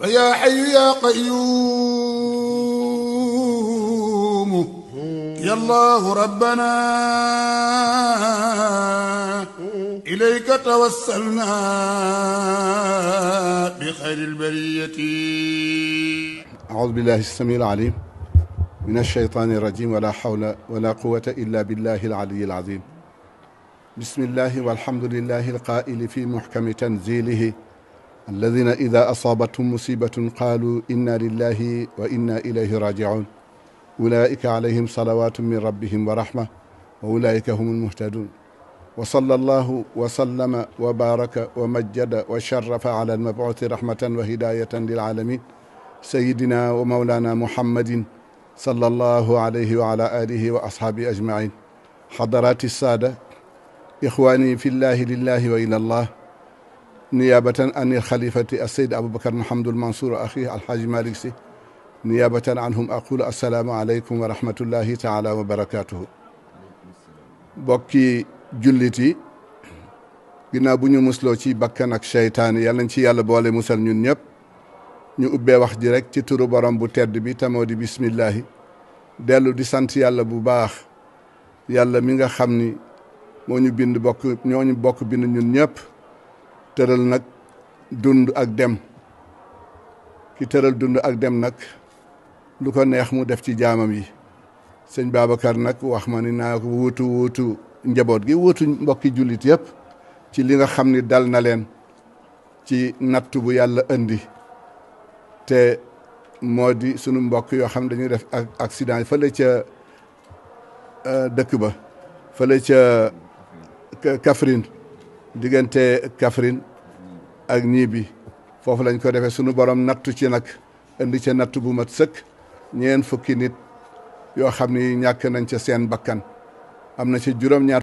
fa yaa xayu yaa qayuumu yallaahu rabbana ilayka tawassalna bi xayril bariyati aoudu billahi samiil aliim min ashaytaani rajiim wala xawla wala quwwata illa billahi alaliyyil aziim bismillahi walhamdulillahi alqaa'ili fi muxkami tanziilihi alladina ida asaabathum musibatun qaalu inna lillahi wa inna ilayhi rajiun ulaika alayhim salawatu min rabbihim wa rahma wa ulaika hum almuhtadun wa salla allahu wa sallama wa baaraka wa majjada wa sharafa ala almabuuthi rahmatan wa hidayatan lilaalamin sayidina wa mawlana muhammadin salla allahu alayhi wa ala alihi wa ashaabihi ajmain xadaraati saada ixwaani fi llahi lillahi wa ila allah niyaabatan anil xalifati asseyd aboubacar mahamadul mansour axi alhaaji malik si niyaabatan anhum aqulu assalaamu aleykum wa taala wa barakatuhu bokki jullit yi ginnaaw bu ñu musloo ci bakkan ak seytaane yal nañ ci yàlla boole musal ñun ñëpp ñu ubbee wax ji ci turu borom bu tedd bi tamoo di bismillahi dellu di sant yàlla bu baax yàlla mi nga xam ni moo ñu bind bokk ñoo ñu bokk bind ñun ñëpp tëral nag dund ak dem ki tëral dund ak dem nag lu ko neex mu def ci jaamam yi sëñ Babacar nag wax ma ni naa ko wuutu njaboot gi wuutu mbokki jullit yëpp ci li nga xam ni dal na leen ci nattu bu yàlla indi te moo di sunu mbokk yoo xam dañuy def ak accident yi fële ca euh, dëkk ba fële ca Kaffrine diggante Kaffrine ak Niibi foofu lañ ko defee sunu borom nattu ci nag indi ca natt bu mat sëkk ñeen fukki nit yoo xam ni ñàkk nañ ca seen bakkan am na ci juróom-ñaar